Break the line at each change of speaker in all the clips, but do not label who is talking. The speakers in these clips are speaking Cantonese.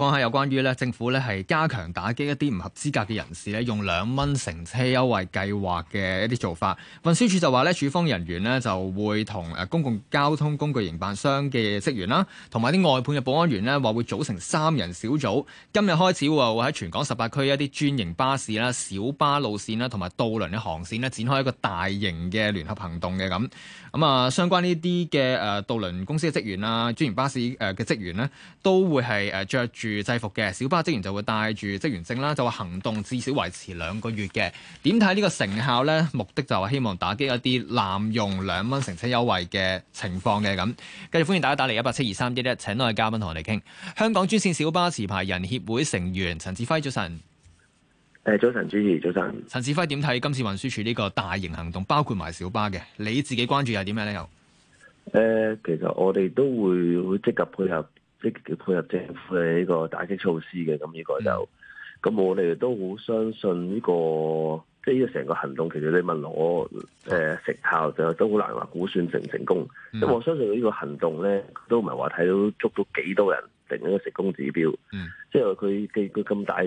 講下有關於咧政府咧係加強打擊一啲唔合資格嘅人士咧，用兩蚊乘車優惠計劃嘅一啲做法。運輸署就話咧，處方人員署方人員咧就會同誒公共交通工具營辦商嘅職員啦，同埋啲外判嘅保安員咧，話會組成三人小組。今日開始會喺全港十八區一啲專營巴士啦、小巴路線啦，同埋渡輪嘅航線咧，展開一個大型嘅聯合行動嘅咁。咁啊，相關呢啲嘅誒渡輪公司嘅職員啦、專營巴士誒嘅職員咧，都會係誒著住住制服嘅小巴職員就會帶住職員證啦，就話行動至少維持兩個月嘅。點睇呢個成效呢？目的就係希望打擊一啲濫用兩蚊乘車優惠嘅情況嘅。咁，繼續歡迎大家打嚟一八七二三一一，2, 3, 1, 請多位嘉賓同我哋傾。香港專線小巴持牌人協會成員陳志輝早晨。
誒，早晨，主持，早晨。
陳志輝，點睇今次運輸署呢個大型行動，包括埋小巴嘅？你自己關注係點嘅咧？又誒、
呃，其實我哋都會會積極配合。即配合政府嘅呢個打擊措施嘅，咁呢個就咁、嗯、我哋都好相信呢、呢個，即係呢個成個行動。其實你問我誒、呃、成效就都好難話估算成唔成功。咁、嗯、我相信佢呢個行動咧都唔係話睇到捉到幾多人定呢個成功指標。嗯，即係佢佢佢咁大肆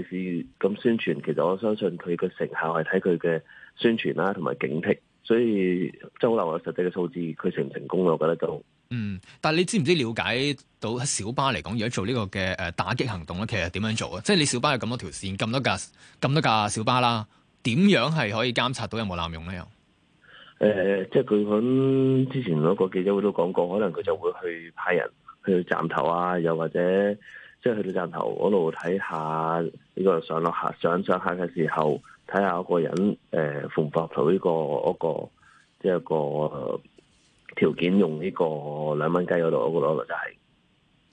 咁宣傳，其實我相信佢嘅成效係睇佢嘅宣傳啦，同埋警惕。所以真好難話實際嘅數字，佢成唔成功咧？我覺得
就嗯，但係你知唔知了解到喺小巴嚟講，如果做呢個嘅誒打擊行動咧，其實點樣做啊？即係你小巴有咁多條線，咁多架咁多架小巴啦，點樣係可以監察到有冇濫用咧？又
誒、嗯呃，即係佢喺之前嗰個記者會都講過，可能佢就會去派人去站頭啊，又或者。即係去到站頭嗰度睇下呢個上落客上上客嘅時候，睇下嗰個人誒符合唔符合呢個嗰、那個即係、這個條、呃、件用呢個兩蚊雞嗰度嗰個咯就係、
是，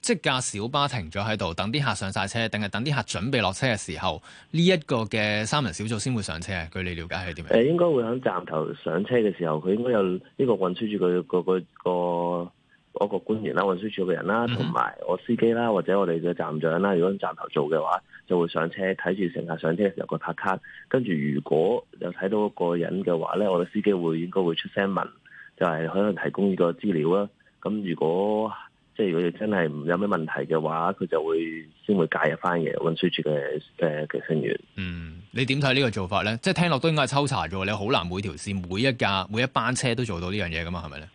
即架小巴停咗喺度，等啲客上晒車，定係等啲客準備落車嘅時候，呢、這、一個嘅三人小組先會上車。據你了解係點
樣？誒、呃，應該會喺站頭上車嘅時候，佢應該有呢個運輸住佢個個。我個官員啦、運輸署嘅人啦，同埋我司機啦，或者我哋嘅站長啦，如果站頭做嘅話，就會上車睇住乘客上車嘅時候個拍卡，跟住如果有睇到一個人嘅話咧，我哋司機會應該會出聲問，就係、係、可能提供呢個資料啦。咁如果即係如果你真係唔有咩問題嘅話，佢就會先會介入返嘅運輸署嘅嘅成員。呃、嗯，
你點睇呢個做法咧？即係聽落都應該係抽查咗。你好難每條線、每一架、每一班車都做到呢樣嘢㗎嘛，係咪咧？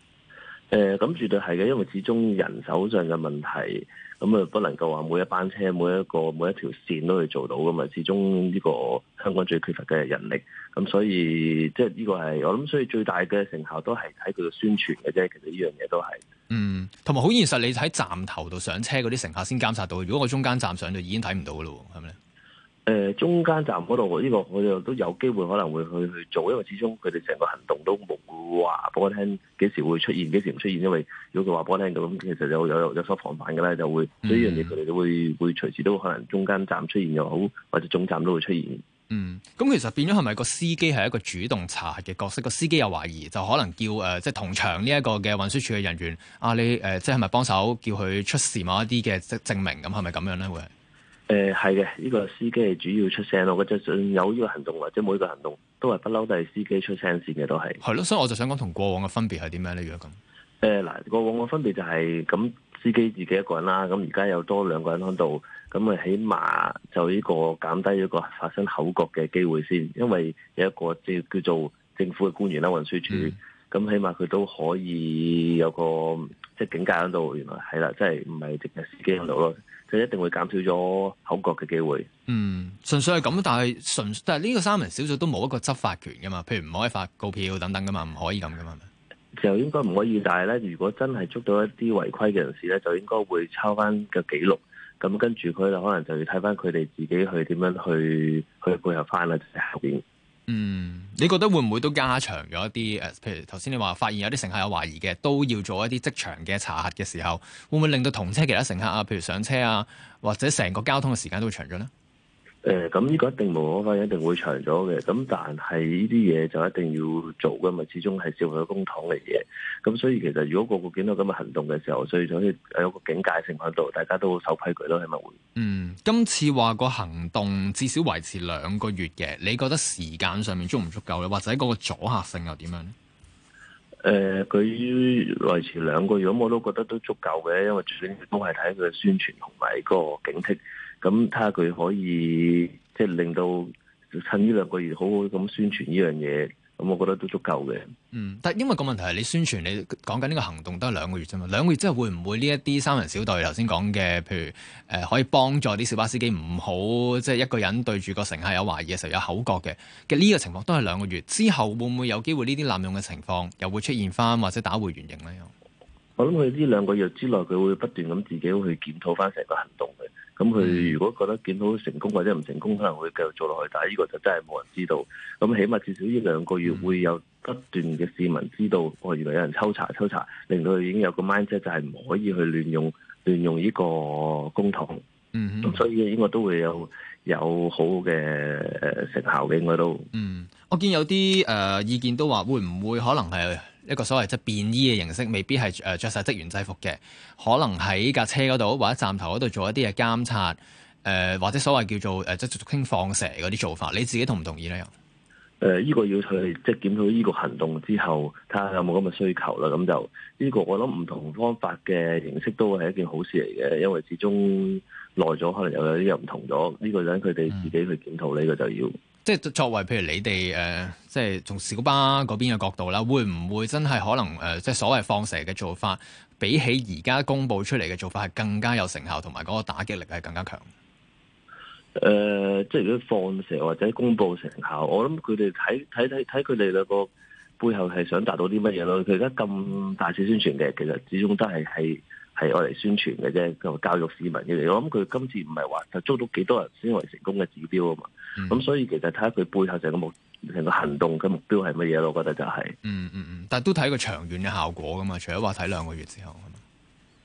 誒、咁、呃、絕對係嘅，因為始終人手上嘅問題，咁啊，不能夠話每一班車、每一個、每一條線都去做到噶嘛。始終呢個香港最缺乏嘅人力，咁所以即係呢個係我諗，所以最大嘅成效都係喺佢嘅宣傳嘅啫。其實呢樣嘢都
係，嗯，同埋好現實，你喺站頭度上車嗰啲乘客先監察到，如果我中間站上就已經睇唔到噶啦，係咪？
中間站嗰度，呢、呢個我又都有機會可能會去去做，因為始終佢哋成個行動都冇話，畀我聽幾時會出現，幾時唔出現。因為如果佢話畀我聽咁其實有有有，有所防範嘅呢，就會。所以呢樣嘢佢哋都會會隨時都可能中間站出現又好，或者總站都會出現。
嗯，咁其實變咗係咪個司機係一個主動查嘅角色？個司機又懷疑，就可能叫、呃、即係同場呢一個嘅運輸處嘅人員，啊你、呃、即係咪幫手叫佢出示某一啲嘅證明？咁係咪咁樣咧？會？
誒，係嘅，呃，呢、這個司機係主要出聲咯。我覺得即係有呢個行動或者每一個行動都係不嬲都係司機出聲先嘅，都係。
係咯，所以我就想講同過往嘅分別係點樣呢？如果咁，誒嗱，
呃，過往嘅分別就係、是，咁，司機自己一個人啦。咁而家有多兩個人喺度，咁啊起碼就呢個減低一個發生口角嘅機會先，因為有一個即叫做政府嘅官員啦，運輸署，咁、嗯、起碼佢都可以有個即係警戒喺度。原來係啦，即係唔係淨係司機喺度咯。嗯佢一定會減少咗口角嘅機會。
嗯，純粹係咁，但係純但係呢個三人小組都冇一個執法權噶嘛，譬如唔可以發告票等等噶嘛，唔可以咁噶嘛。
就應該唔可以，但係咧，如果真係捉到一啲違規嘅人士咧，就應該會抄翻個記錄。咁跟住佢就可能就要睇翻佢哋自己去點樣去去配合翻啦，即係後邊。
嗯，你覺得會唔會都加長咗一啲、呃、譬如頭先你話發現有啲乘客有懷疑嘅，都要做一啲即場嘅查核嘅時候，會唔會令到同車其他乘客啊，譬如上車啊，或者成個交通嘅時間都會長咗呢？
誒，咁呢個一定無可方，一定會長咗嘅。咁但係呢啲嘢，就一定要做㗎嘛，始終係社會公堂嚟嘅。咁所以其實如果個個見到咁嘅行動嘅時候，最緊要係有個警戒性喺度，大家都守規矩咯，係咪會？
嗯，今次話個行動至少維持兩個月嘅，你覺得時間上面足唔足夠咧？或者嗰個阻嚇性又點樣
咧？誒、嗯，佢維持兩個月，咁我都覺得都足夠嘅，因為最緊要都係睇佢嘅宣傳同埋個警惕。咁睇下佢可以即係令到趁呢兩個月好好咁宣傳呢樣嘢，咁我覺得都足夠嘅。嗯，
但因為個問題係你，你宣傳你講緊呢個行動都係兩個月啫嘛，兩個月之後會唔會呢一啲三人小隊頭先講嘅，譬如誒可以幫助啲小巴司機唔好即係一個人對住個乘客有懷疑嘅時候有口角嘅嘅呢個情況都係兩個月之後會唔會會有機會呢啲濫用嘅情況又會出現翻或者打回原形咧？
我諗佢呢兩個月之內，佢會不斷咁自己去檢討翻成個行動嘅。咁佢如果覺得檢討成功或者唔成功，可能會繼續做落去。但係呢個就真係冇人知道。咁起碼至少呢兩個月、嗯、會有不斷嘅市民知道，我、哦、原來有人抽查抽查，令到佢已經有個 mindset 就係唔可以去亂用亂用呢個公帑。嗯哼，咁所以應該都會有有好嘅成效嘅應該都。嗯，
我見有啲、呃、意見都話，會唔會可能係？一個所謂即便衣嘅形式，未必係誒著曬職員制服嘅，可能喺架車嗰度或者站頭嗰度做一啲嘅監察，誒、呃、或者所謂叫做誒即傾放蛇嗰啲做法，你自己同唔同意咧？
誒、呃，呢、呢個要佢即檢討呢個行動之後，睇下有冇咁嘅需求啦。咁就呢、呢個我諗唔同方法嘅形式都會係一件好事嚟嘅，因為始終耐咗，可能又有啲又唔同咗。呢、呢個人佢哋自己去檢討呢、呢個就要。
即係作為譬如你哋誒、呃，即係從小巴嗰邊嘅角度啦，會唔會真係可能誒、呃，即係所謂放蛇嘅做法，比起而家公布出嚟嘅做法係更加有成效，同埋嗰個打擊力係更加強？
誒、呃，即係如果放蛇或者公布成效，我諗佢哋睇睇睇睇佢哋兩個背後係想達到啲乜嘢咯？佢而家咁大肆宣傳嘅，其實始終都係喺。係我嚟宣傳嘅啫，教育市民嘅。我諗佢今次唔係話就捉到幾多人先為成功嘅指標啊嘛。咁、嗯、所以其實睇下佢背後成個目成個行動嘅目標係乜嘢咯。我覺得就係、是，嗯嗯嗯。
但係都睇個長遠嘅效果噶嘛。除咗話睇兩個月之後，誒、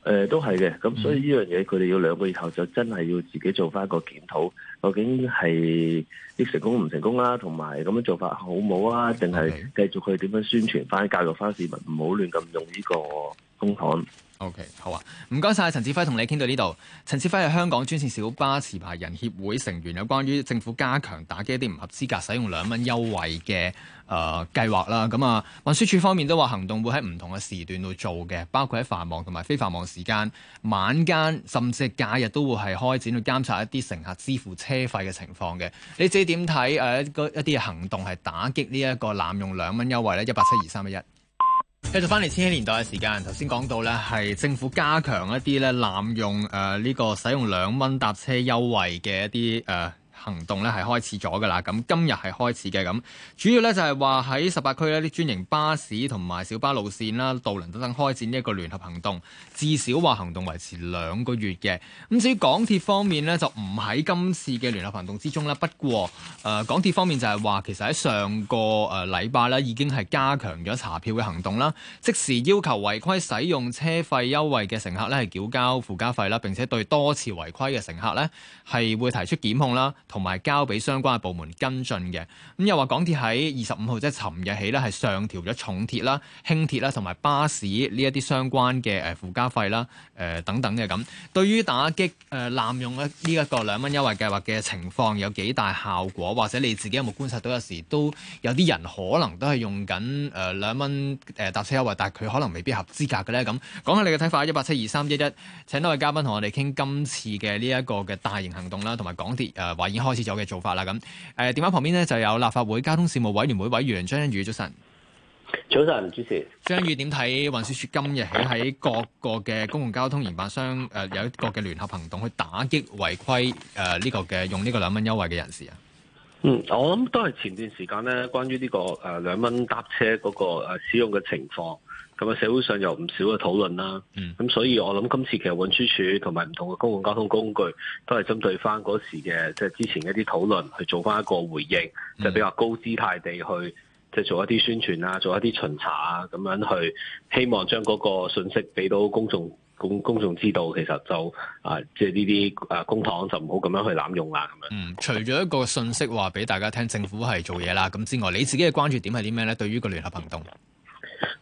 呃，都係嘅。咁所以呢樣嘢，佢哋、嗯、要兩個月後就真係要自己做翻一個檢討，究竟係成功唔成功啦，同埋咁樣做法好唔好啊？定係繼續去點樣宣傳翻、教育翻市民，唔好亂咁用呢個公帑。
O.K. 好啊，唔該晒。陳志輝，同你傾到呢度。陳志輝係香港專線小巴持牌人協會成員，有關於政府加強打擊一啲唔合資格使用兩蚊優惠嘅誒、呃、計劃啦。咁啊，運輸署，署方面都話行動會喺唔同嘅時段度做嘅，包括喺繁忙同埋非繁忙時間、晚間甚至係假日都會係開展去監察一啲乘客支付車費嘅情況嘅。你自己點睇誒一個一啲行動係打擊呢一個濫用兩蚊優惠呢？一八七二三一一。繼續翻嚟千禧年代嘅時間，頭先講到咧係政府加強一啲咧濫用誒呢、呃呢個使用兩蚊搭車優惠嘅一啲誒。呃行動咧係開始咗㗎啦，咁今日係開始嘅咁，主要咧就係話喺十八區呢啲專營巴士同埋小巴路線啦，渡輪等等開展一個聯合行動，至少話行動維持兩個月嘅。咁至於港鐵方面呢，就唔喺今次嘅聯合行動之中啦。不過，誒、呃、港鐵方面就係話，其實喺上個誒禮拜咧已經係加強咗查票嘅行動啦，即時要求違規使用車費優惠嘅乘客咧係繳交附加費啦，並且對多次違規嘅乘客咧係會提出檢控啦。同埋交俾相關嘅部門跟進嘅，咁又話港鐵喺二十五號即係尋日、就是、起呢係上調咗重鐵啦、輕鐵啦同埋巴士呢一啲相關嘅誒附加費啦、誒、呃、等等嘅咁。對於打擊誒、呃、濫用呢一個兩蚊優惠計劃嘅情況有幾大效果？或者你自己有冇觀察到有時都有啲人可能都係用緊誒兩蚊誒搭車優惠，但係佢可能未必合資格嘅呢？咁講下你嘅睇法，一八七二三一一，請多位嘉賓同我哋傾今次嘅呢一個嘅大型行動啦，同埋港鐵誒、呃開始咗嘅做法啦，咁誒，電、呃、話旁邊呢，就有立法會交通事務委員會委員張欣宇早晨，
早晨，早主持
張欣宇點睇運輸署今日起喺各個嘅公共交通營辦商誒、呃，有一個嘅聯合行動去打擊違規誒呢個嘅用呢個兩蚊優惠嘅人士啊？
嗯，我諗都係前段時間咧，關於呢、這個誒兩蚊搭車嗰、那個誒、呃、使用嘅情況。咁啊，社會上有唔少嘅討論啦。咁、嗯、所以，我諗今次其實運輸署同埋唔同嘅公共交通工具都係針對翻嗰時嘅，即係之前一啲討論去做翻一個回應，就、嗯、比較高姿態地去，即係做一啲宣傳啊，做一啲巡查啊，咁樣去希望將嗰個信息俾到公眾公眾公眾知道，其實就啊，即係呢啲公帑就唔好咁樣
去濫用啦。咁嗯，除咗一個信息話俾大家聽，政府係做嘢啦，咁之外，你自己嘅關注點係啲咩咧？對於個聯合行動？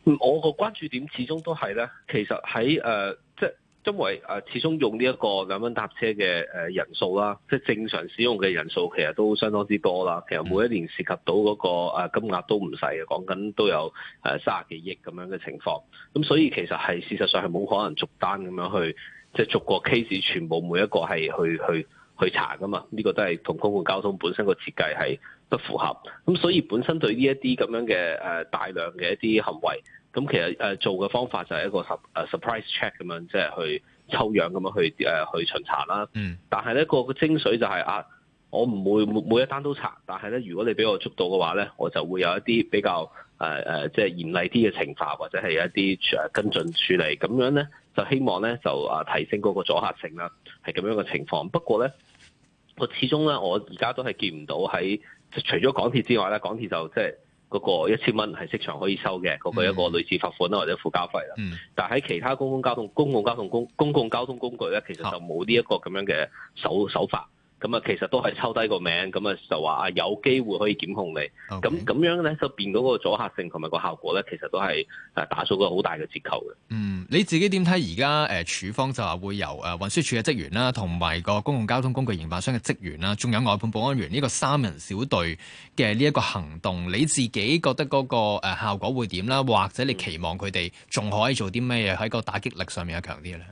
我個關注點始終都係咧，其實喺誒、呃，即係因為誒，始終用呢一個兩蚊搭車嘅誒人數啦，即係正常使用嘅人數，其實都相當之多啦。其實每一年涉及到嗰個誒金額都唔細嘅，講緊都有誒三十幾億咁樣嘅情況。咁所以其實係事實上係冇可能逐單咁樣去，即係逐個 case 全部每一個係去去。去去查噶嘛？呢、呢個都係同公共交通本身個設計係不符合，咁所以本身對呢一啲咁樣嘅、呃、大量嘅一啲行為，咁其實、呃、做嘅方法就係一個 surprise check 咁樣，即係去抽樣咁樣去、呃、去巡查啦。嗯。但係咧、個精髓就係、是、啊，我唔會每一單都查，但係咧，如果你俾我捉到嘅話咧，我就會有一啲比較、呃呃、即係嚴厲啲嘅懲罰，或者係有一啲跟進處理咁樣咧，就希望咧就啊提升嗰個阻嚇性啦，係咁樣嘅情況。不過咧。我始終咧，我而家都係見唔到喺除咗港鐵之外咧，港鐵就即係嗰個一千蚊係即場可以收嘅嗰、那個一個類似罰款啦或者附加費啦。嗯、但喺其他公共交通公共交通公公共交通工具咧，其實就冇呢一個咁樣嘅手手法，咁啊，其實都係抄低個名，咁啊就話啊有機會可以檢控你。咁咁 Okay. 樣咧，就變嗰個阻嚇性同埋個效果咧，其實都係誒打咗個好大嘅折扣嘅。嗯，
你自己點睇而家誒署方就話會由誒、呃、運輸署嘅職員啦、啊，同埋個公共交通工具營辦商嘅職員啦、啊，仲有外判保安員呢個三人小隊嘅呢一個行動，你自己覺得嗰、那個、呃、效果會點啦？或者你期望佢哋仲可以做啲咩嘢喺個打擊力上面啊強啲咧？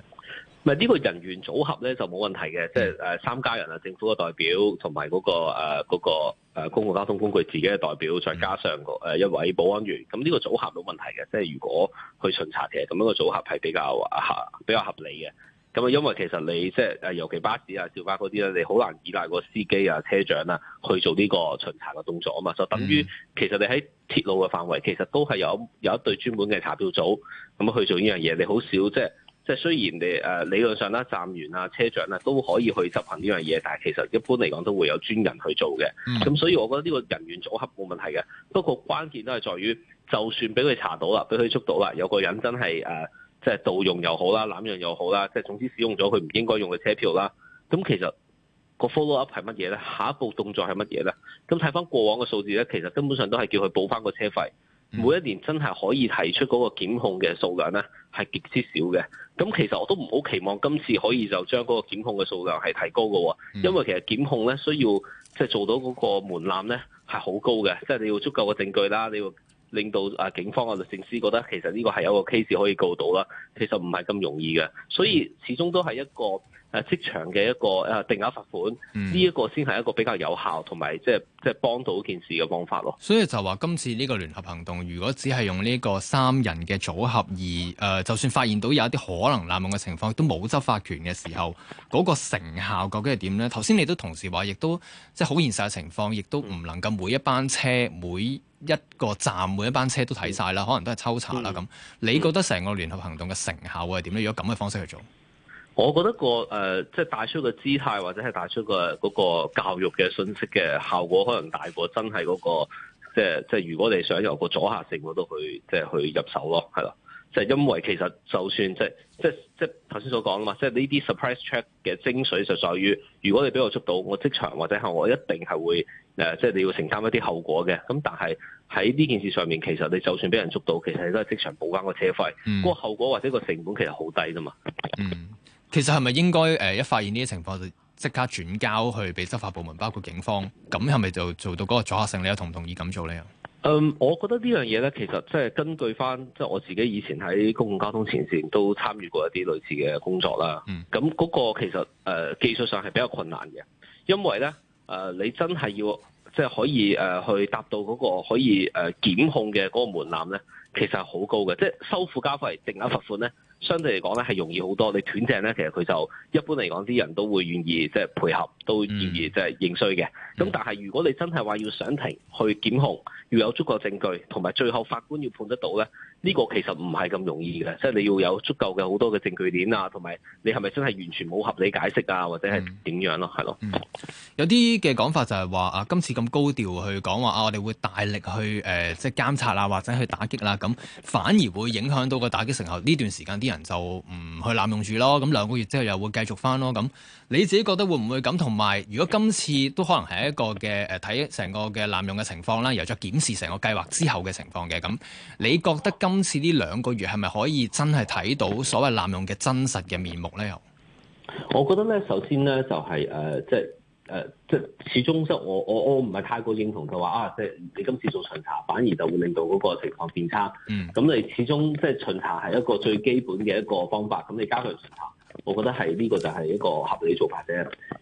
咪呢個人員組合咧就冇問題嘅，即係三家人啊，政府嘅代表同埋嗰個嗰、啊嗰個、公共交通工具自己嘅代表，再加上個一位保安員，咁呢個組合冇問題嘅。即係如果去巡查嘅咁樣個組合係比較合、啊、比較合理嘅。咁啊，因為其實你即係尤其巴士啊、小巴嗰啲咧，你好難依賴個司機啊、車長啊去做呢個巡查嘅動作啊嘛，所以就等於、嗯、其實你喺鐵路嘅範圍，其實都係有有一隊專門嘅查票組咁去做呢樣嘢，你好少即係即係雖然你誒理論上啦，站員啊車長啊都可以去執行呢樣嘢，但係其實一般嚟講都會有專人去做嘅。咁、mm. 所以我覺得呢個人員組合冇問題嘅。不過關鍵都係在於，就算俾佢查到啦，俾佢捉到啦，有個人真係誒，即、呃、係、就是、盜用又好啦，濫用又好啦，即係總之使用咗佢唔應該用嘅車票啦。咁其實個 follow up 係乜嘢咧？下一步動作係乜嘢咧？咁睇翻過往嘅數字咧，其實根本上都係叫佢補翻個車費。Mm. 每一年真係可以提出嗰個檢控嘅數量咧？係極之少嘅。咁其實我都唔好期望今次可以就將嗰個檢控嘅數量係提高㗎喎，因為其實檢控咧需要即係做到嗰個門檻咧係好高嘅，即係你要足夠嘅證據啦，你要，令到啊警方啊律政司覺得其實呢個係有一個 case 可以告到啦，其實唔係咁容易嘅，所以始終都係一個誒職場嘅一個誒定額罰款，呢一、嗯、個先係一個比較有效同埋即係即係幫到件事嘅方法咯。
所以就話今次呢個聯合行動，如果只係用呢個三人嘅組合而、呃、就算發現到有一啲可能濫用嘅情況都冇執法權嘅時候，嗰、那個成效究竟係點咧？頭先你都同時話，亦都即係好現實嘅情況，亦都唔能夠每一班車每。一個站每一班車都睇晒啦，嗯、可能都係抽查啦咁。嗯、你覺得成個聯合行動嘅成效會係點咧？如果咁嘅方式去做，
我覺得、個誒即係帶出個姿態，或者係帶出個嗰個教育嘅信息嘅效果，可能大過真係嗰、嗰個即係即如果你想由個阻嚇性，我都去即係、即係、去入手咯，係咯。即係因為其實就算即係即即頭先所講啊嘛，即、即、係、係、呢啲 surprise check 嘅精髓就在於，如果你俾我捉到，我即場或者係我一定係會。誒、呃，即係你要承擔一啲後果嘅，咁但係喺呢件事上面，其實你就算俾人捉到，其實你都係即場補翻個車費，嗯、個後果或者個成本其
實好低啫嘛。嗯，其實係咪應該誒、呃、一發現呢啲情況就即刻轉交去俾執法部門，包括警方，咁係咪就做到嗰個阻嚇性？你又同唔同意咁做咧？嗯，
我覺得這件事呢樣嘢咧，其實即係根據翻即係我自己以前喺公共交通前線都參與過一啲類似嘅工作啦。嗯，咁嗰個其實誒、呃、技術上係比較困難嘅，因為咧。誒、呃，你真係要即係可以誒、呃、去達到嗰個可以誒、呃、檢控嘅嗰個門檻咧，其實係好高嘅。即係收附加費定額罰款咧，相對嚟講咧係容易好多。你斷正咧，其實佢就一般嚟講啲人都會願意即係配合。都二二就係認衰嘅，咁、嗯、但係如果你真係話要上庭去檢控，要有足夠證據，同埋最後法官要判得到咧，呢、呢個其實唔係咁容易嘅，即係你要有足夠嘅好多嘅證據鏈啊，同埋你係咪真係完全冇合理解釋啊，或者係點樣、嗯、係咯，係
咯？有啲嘅講法就係話啊，今次咁高調去講話啊，我哋會大力去誒、呃、即係監察啦，或者去打擊啦，咁反而會影響到個打擊成效。呢段時間啲人就唔去濫用住咯，咁兩個月之後又會繼續翻咯。咁你自己覺得會唔會咁同？埋，如果今次都可能係一個嘅誒，睇成個嘅濫用嘅情況啦，又再檢視成個計劃之後嘅情況嘅，咁你覺得今次呢兩個月係咪可以真係睇到所謂濫用嘅真實嘅面目咧？
我覺得咧，首先咧就係、是、誒、呃，即係誒、呃，即係始終即我我我唔係太過認同就話啊，即係你今次做巡查，反而就會令到嗰個情況變差。嗯，咁你始終即係巡查係一個最基本嘅一個方法，咁你加上巡查。我覺得係呢、呢個就係一個合理做法啫。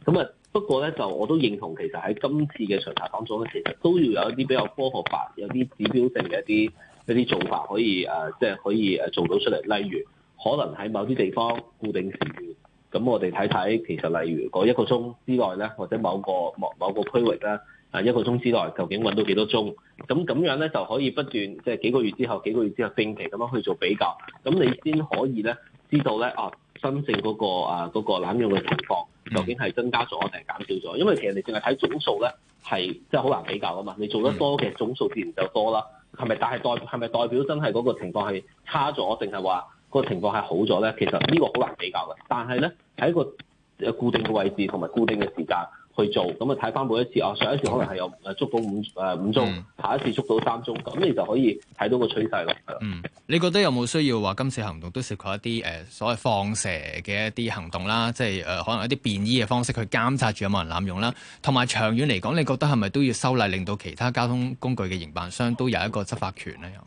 咁啊，不過咧就我都認同，其實喺今次嘅巡查當中咧，其實都要有一啲比較科學化、有啲指標性嘅一啲一啲做法可以誒，即、呃、係、即係、可以誒做到出嚟。例如，可能喺某啲地方固定時段，咁我哋睇睇其實，例如嗰一個鐘之內咧，或者某個某某個區域咧，啊一個鐘之內究竟揾到幾多宗？咁咁樣咧就可以不斷即係、即係、幾個月之後、幾個月之後定期咁樣去做比較，咁你先可以咧知道咧啊。真正嗰個啊嗰、嗰個濫用嘅情況，究竟係增加咗定係減少咗？因為其實你淨係睇總數咧，係即係好難比較啊嘛。你做得多嘅總數自然就多啦，係咪？但係代係咪代表真係嗰個情況係差咗，定係話個情況係好咗咧？其實呢個好難比較嘅。但係咧喺一個誒固定嘅位置同埋固定嘅時間，去做咁啊！睇翻每一次啊。上一次可能係有誒捉到五 Okay.、啊、五宗，下一次捉到三宗，咁、嗯、你就可以睇到個趨勢啦。嗯，
你覺得有冇需要話今次行動都涉及一啲、呃、所謂放蛇嘅一啲行動啦？即係、呃、可能一啲便衣嘅方式去監察住有冇人濫用啦，同埋長遠嚟講，你覺得係咪都要修例，令到其他交通工具嘅營辦商都有一個執法權咧？又、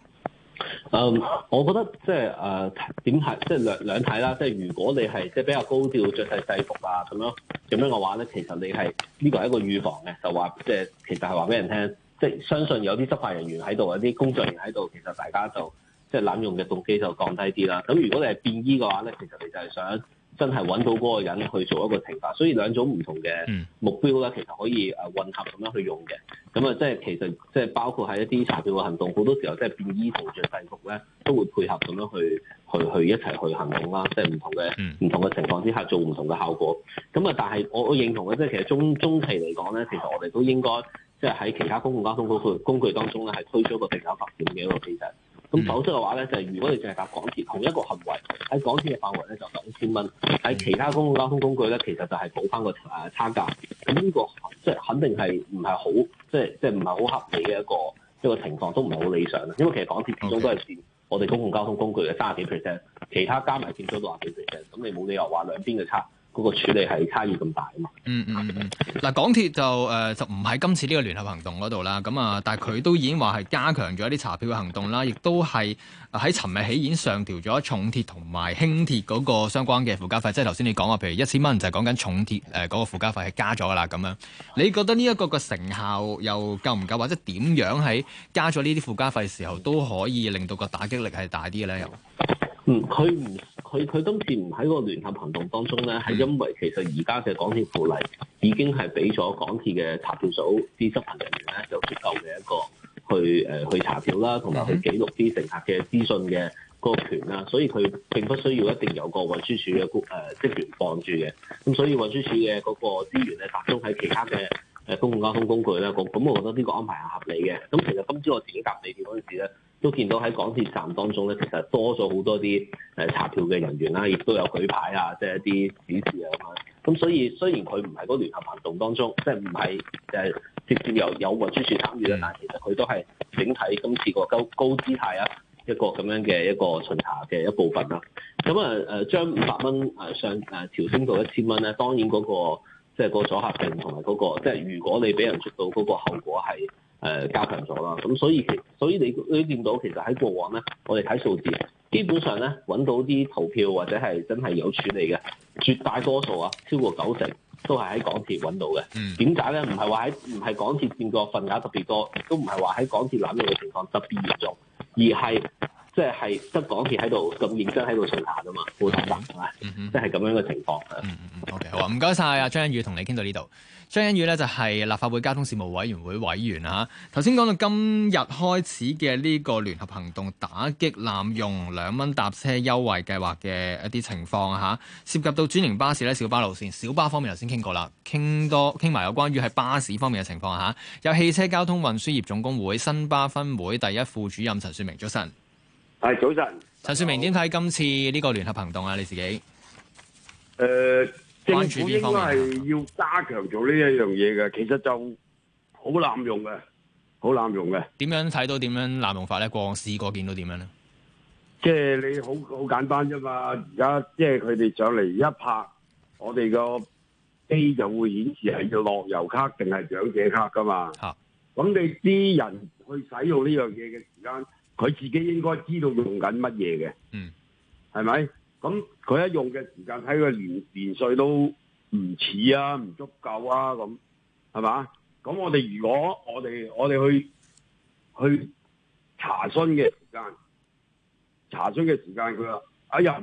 嗯、我覺得即係誒點睇？即係兩兩睇啦。即係如果你係即係比較高調着曬制服啊，咁樣。咁樣嘅話咧，其實你係呢個係一個預防嘅，就話即係其實係話俾人聽，即係相信有啲執法人員喺度，有啲工作人員喺度，其實大家就即係濫用嘅動機就降低啲啦。咁如果你係便衣嘅話咧，其實你就係想，真係揾到嗰個人去做一個停發。所以兩種唔同嘅目標咧，其實可以誒混合咁樣去用嘅。咁啊，即係其實即係包括喺一啲查票嘅行動，好多時候即係便衣同著制服咧，都會配合咁樣去去去一齊去行動啦。即係唔同嘅唔同嘅情況之下，做唔同嘅效果。咁啊，但係我我認同嘅，即係其實中中期嚟講咧，其實我哋都應該即係喺其他公共交通工具工具當中咧，係推出一個較發展嘅一個機制。咁、嗯、否則嘅話咧，就係、是、如果你淨係搭港鐵同一個行為，喺港鐵嘅範圍咧就兩千蚊，喺其他公共交通工具咧，其實就係補翻個差差價。咁呢、這個即係肯定係唔係好，即係即係唔係好合理嘅一個一個情況，都唔係好理想。因為其實港鐵始終都係佔我哋公共交通工具嘅三十幾 percent，其他加埋佔咗六十幾 percent，咁你冇理由話兩邊嘅差，嗰個處理係
差異咁大啊嘛。嗯，嗯嗯嗯
嗯，嗱、嗯、港鐵就誒、呃、就唔喺今次呢個聯合行動嗰度啦，咁啊，但係佢都已經話係加強咗一啲查票嘅行動啦，亦都係喺尋日起已經上調咗重鐵同埋輕鐵嗰個相關嘅附加費，即係頭先你講話，譬如一千蚊就係講緊重鐵誒嗰個附加費係加咗啦咁樣。你覺得呢一個嘅成效又夠唔夠，或者點樣喺加咗呢啲附加費時候都可以令到個打擊力係大啲嘅咧？又
嗯，佢唔。佢佢今次唔喺個聯合行動當中咧，係因為其實而家嘅港鐵條例已經係俾咗港鐵嘅查票組啲執行人員咧，就有足夠嘅一個去誒、呃、去查票啦，同埋去記錄啲乘客嘅資訊嘅個權啦，所以佢並不需要一定有個運輸署嘅顧誒職員放住嘅。咁所以運輸署嘅嗰個資源咧，集中喺其他嘅誒公共交通工具啦。咁我覺得呢個安排係合理嘅。咁其實今朝我自己搭地鐵嗰陣時咧。都見到喺港鐵站當中咧，其實多咗好多啲誒查票嘅人員啦、啊，亦都有舉牌啊，即係一啲指示啊咁。所以雖然佢唔係嗰個聯合行動當中，即係唔係誒直接由有運輸署參與啦，但其實佢都係整體今次個高高姿態啊，一個咁樣嘅一個巡查嘅一部分啦、啊。咁啊誒、啊、將五百蚊上誒調升到一千蚊咧，當然嗰、那個即係、就是、個阻嚇性同埋嗰個，即、就、係、是、如果你俾人捉到嗰個後果係。誒、呃、加強咗啦，咁所以其所以你你見到其實喺過往咧，我哋睇數字，基本上咧揾到啲投票或者係真係有處理嘅絕大多數啊，超過九成都係喺港鐵揾到嘅。點解咧？唔係話喺唔係港鐵佔個份額特別多，亦都唔係話喺港鐵攬嘢嘅情況特別嚴重，而係。即係，得港鐵喺度咁認真喺度巡查啊嘛，冇錯、嗯嗯嗯、即係
咁樣嘅情況。嗯嗯，嗯 OK，好啊，唔該晒，阿張欣宇，同你傾到呢度。張欣宇呢，就係立法會交通事務委員會委員啊。頭先講到今日開始嘅呢個聯合行動，打擊濫用兩蚊搭車優惠計劃嘅一啲情況啊。涉及到專營巴士咧，小巴路線小巴方面頭先傾過啦，傾多傾埋有關於喺巴士方面嘅情況嚇。有汽車交通運輸業總工會新巴分會第一副主任陳樹明，早晨。係早晨，陳樹明點睇今次呢個聯合行動啊？你自己，
誒、呃，政府應該係要加強做呢一樣嘢嘅。其實就好濫用嘅，好濫用
嘅。點樣睇到點樣濫用法咧？過往試過見到點樣
咧？即係你好好簡單啫嘛。而家即係佢哋上嚟一拍，我哋個機就會顯示係要樂悠卡定係長者卡噶嘛。吓、啊，咁你啲人去使用呢樣嘢嘅時間。佢自己應該知道用緊乜嘢嘅，嗯，係咪？咁佢一用嘅時間睇佢年年歲都唔似啊，唔足夠啊，咁係嘛？咁我哋如果我哋我哋去去查詢嘅時間，查詢嘅時間佢話：哎呀，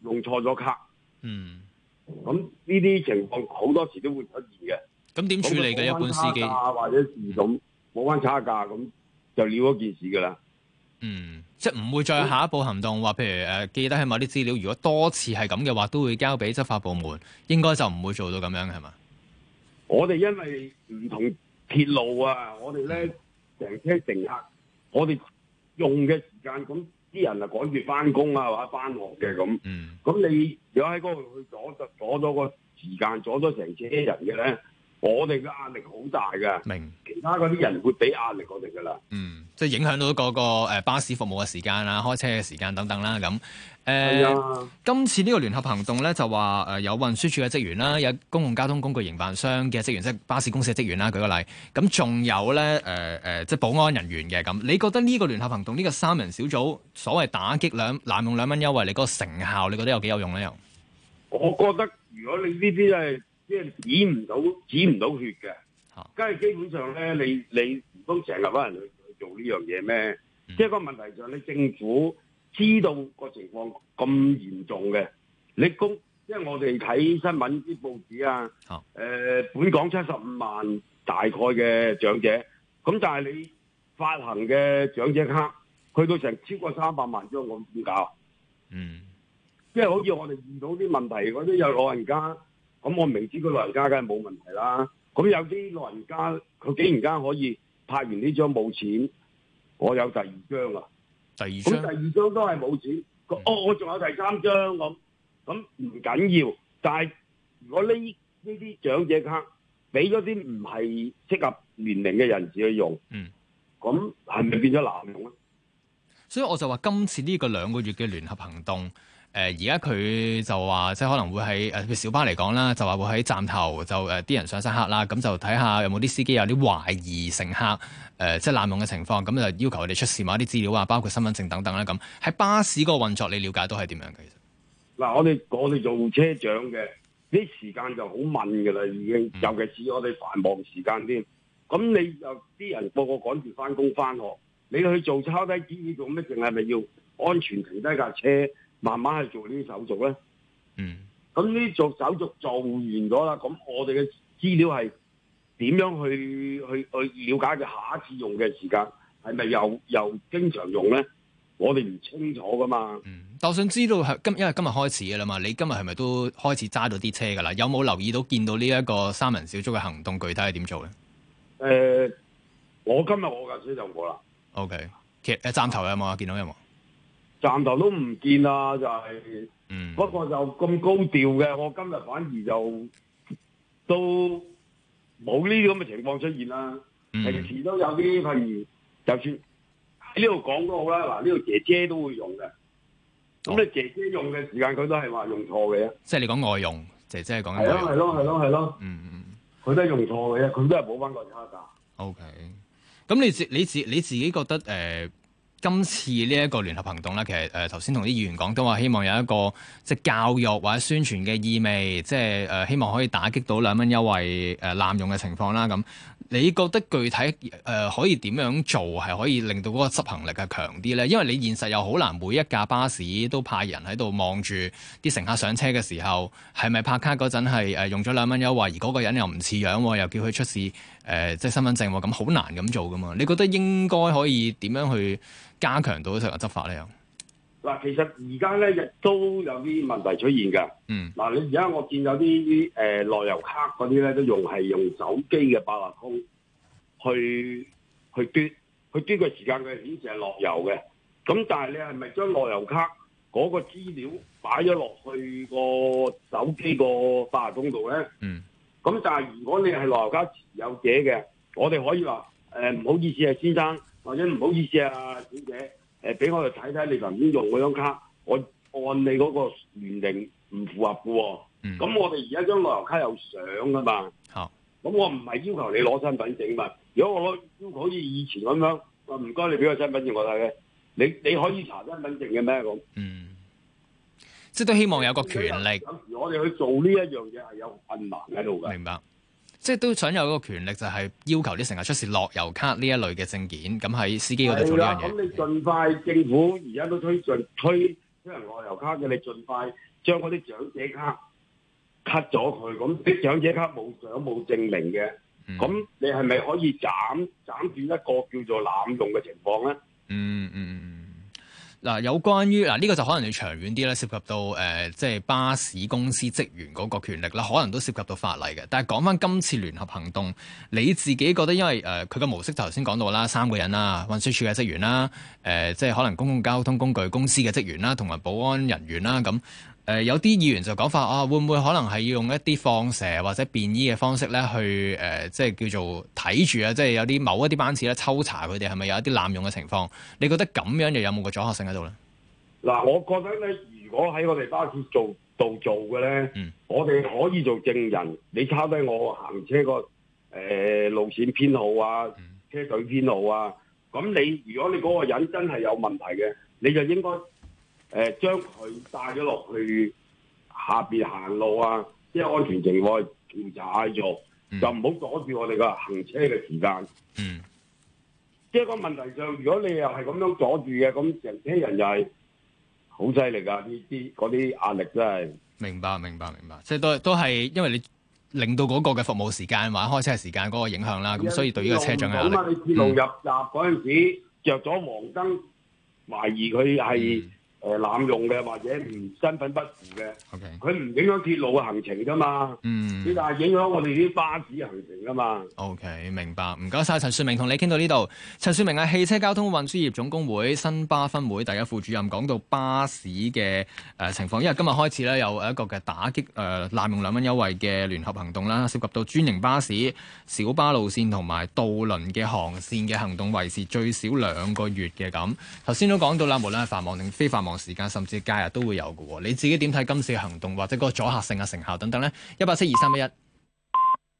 用錯咗卡，
嗯。
咁呢啲情況好多時都會出現嘅。
咁點、嗯、處理嘅？一般司機
或者自動冇返差價咁，嗯嗯、就了嗰件事
㗎啦。嗯，即係唔會再下一步行動，話譬如誒記得喺某啲資料，如果多次係咁嘅話，都會交俾執法部門，應該就唔會做到咁樣，係嘛？
我哋因為唔同鐵路啊，我哋咧成車乘客，我哋用嘅時間，咁啲人啊趕住翻工啊或者翻學嘅咁，咁你如果喺嗰度去阻就阻咗個時間，阻咗成車人嘅咧。我哋嘅壓力好大噶，明其他嗰啲人會俾壓力我
哋噶啦，嗯，即係影響到嗰個誒巴士服務嘅時間啦，開車嘅時間等等啦，咁、嗯、誒，的今次呢個聯合行動呢，就話誒有運輸署嘅職員啦，有公共交通工具營辦商嘅職員，即巴士公司嘅職員啦，舉個例，咁仲有呢，誒、呃、誒，即係保安人員嘅咁，你覺得呢個聯合行動呢、這個三人小組所謂打擊兩濫用兩蚊優惠，你個成效你覺得有幾有用呢？又
我覺得如果你呢啲係。即係止唔到止唔到血嘅，即係基本上咧，你你唔通成日揾人去做呢樣嘢咩？嗯、即係個問題就係你政府知道個情況咁嚴重嘅，你公即係我哋睇新聞啲報紙啊，誒、哦呃，本港七十五萬大概嘅長者，咁但係你發行嘅長者卡去到成超過三百萬張，我點搞？嗯，即係好似我哋遇到啲問題，嗰啲有老人家。咁我明知佢老人家梗係冇問題啦。咁有啲老人家，佢竟然間可以拍完呢張冇錢，我有第二張啊，第二張。咁第二張都係冇錢。他嗯、哦，我仲有第三張咁，咁唔緊要。但係如果呢呢啲長者卡俾咗啲唔係適合年齡嘅人士去用，嗯，咁係咪變咗濫用
咧？所以我就話今次呢個兩個月嘅聯合行動。誒而家佢就話，即係可能會喺誒小巴嚟講啦，就話會喺站頭就誒啲、呃、人上山客啦，咁就睇下有冇啲司機有啲懷疑乘客誒、呃、即係濫用嘅情況，咁就要求佢哋出示某一啲資料啊，包括身份證等等啦。咁喺巴士個運作，你了解都係點樣嘅？其實
嗱，我哋我哋做車長嘅啲時間就好問㗎啦，已經、嗯、尤其是我哋繁忙時間添。咁你就啲人個個趕住翻工翻學，你去做抄低指引做咩？淨係咪要安全停低架車？慢慢去做呢啲手續咧，嗯，咁呢做手續做完咗啦，咁我哋嘅資料係點樣去去去了解佢下一次用嘅時間係咪又又經常用咧？我哋唔清楚噶嘛。嗯，
但我想知道係今因為今日開始㗎啦嘛，你今日係咪都開始揸到啲車噶啦？有冇留意到見到呢一個三人小組嘅行動具體係點做咧？
誒、呃，我今日我架車就冇啦。
O K，其站頭有冇啊？見到有冇？
站頭都唔見啦，就係、是，嗯、不過就咁高調嘅，我今日反而就都冇呢啲咁嘅情況出現啦。嗯、平時都有啲譬如，就算喺呢度講都好啦，嗱呢度姐姐都會用嘅，咁、哦、你姐姐用嘅時間佢都係話
用錯嘅，即係你講外用，姐姐係講緊外用係咯係咯係咯係咯，嗯嗯，佢都係用
錯嘅，佢都係冇翻個差價。
O K，咁你自你自你自己覺得誒？呃今次呢一個聯合行動呢，其實誒頭先同啲議員講都話，希望有一個即係教育或者宣傳嘅意味，即係希望可以打擊到兩蚊優惠濫用嘅情況啦咁。你覺得具體誒可以點樣做係可以令到嗰個執行力係強啲呢？因為你現實又好難，每一架巴士都派人喺度望住啲乘客上車嘅時候係咪拍卡嗰陣係用咗兩蚊優惠，而嗰個人又唔似樣，又叫佢出示誒即係身份證，咁好難咁做噶嘛？你覺得應該可以點樣去加強到成個執法呢？又？
嗱，其實而家咧亦都有啲問題出現㗎。嗯，嗱，你而家我見有啲誒、呃、內遊卡嗰啲咧，都用係用手機嘅八達通去去嘟，去嘟嘅時間佢顯示係落遊嘅。咁但係你係咪將內遊卡嗰個資料擺咗落去個手機個八達通度咧？嗯。咁但係如果你係內遊卡持有者嘅，我哋可以話誒唔好意思啊，先生或者唔好意思啊，小姐。誒，俾我哋睇睇你頭先用嗰張卡，我按你嗰個年齡唔符合喎。咁、嗯、我哋而家張旅遊卡有相噶嘛？好，咁我唔係要求你攞身份證嘛？如果我攞好似以前咁樣，唔該你俾個身份證我
睇，你你可以
查身份證嘅咩？咁，嗯，
即都希望有個權力。有
時我哋去做呢一樣嘢係有困難喺度
嘅。明白。即係都想有個權力，就係要求啲乘客出示樂悠咭呢一類嘅證件，咁喺司機嗰度做呢樣嘢。係啦，咁
你盡快政府而家都推進推推行樂悠咭嘅，你盡快將嗰啲長者卡 cut 咗佢。咁啲長者卡冇長冇證明嘅，咁你係咪可以斬斬斷一個叫做濫用嘅情況咧？嗯
嗯嗯。嗱、啊，有關於嗱呢、啊這個就可能要長遠啲啦。涉及到誒、呃、即係巴士公司職員嗰個權力啦，可能都涉及到法例嘅。但係講返今次聯合行動，你自己覺得因為誒佢個模式頭先講到啦，三個人啦，運輸署嘅職員啦，誒、呃、即係可能公共交通工具公司嘅職員啦，同埋保安人員啦咁。誒、呃、有啲議員就講法啊，會唔會可能係要用一啲放蛇或者便衣嘅方式咧，去、呃、誒即係叫做睇住啊，即係有啲某一啲班次咧抽查佢哋係咪有一啲濫用嘅情況？你覺得咁樣又有冇個阻嚇性喺度咧？
嗱，我覺得咧，如果喺我哋巴士做度做嘅咧，的呢嗯、我哋可以做證人。你抄低我行車個誒、呃、路線編號啊，嗯、車隊編號啊，咁你如果你嗰個人真係有問題嘅，你就應該。誒，將佢帶咗落去下邊行路啊，即係安全情況調查協助，就唔好阻住我哋個行車嘅時間。嗯，即係個問題就，如果你又係咁樣阻住嘅，咁成車人又係好犀利噶，呢啲嗰啲壓力真
係。明白，明白，明白，即係都係都係，因為你令到嗰個嘅服務時間或者開車時間嗰個影響啦，咁、嗯、所以對呢個車長壓力。嗯、你接龍入
閘嗰陣時着咗黃燈，懷疑佢係。誒，濫用嘅或者唔身份不符嘅，佢唔 Okay. 影響鐵路嘅行程㗎嘛，但係、嗯、影響我哋啲巴士行
程㗎嘛。OK，明白，唔該晒陳樹明，同你傾到呢度。陳樹明啊，汽車交通運輸業總工會新巴分會第一副主任，講到巴士嘅誒、呃、情況，因為今日開始咧有一個嘅打擊誒濫用兩蚊優惠嘅聯合行動啦，涉及到專營巴士、小巴路線同埋渡輪嘅航線，嘅行動維持最少兩個月嘅咁。頭先都講到啦，無論係繁忙定非繁忙時間，甚至假日都會有㗎喎。你自己點睇今次嘅行動，或者嗰個阻嚇性啊、成效等等呢？一八七二三一一。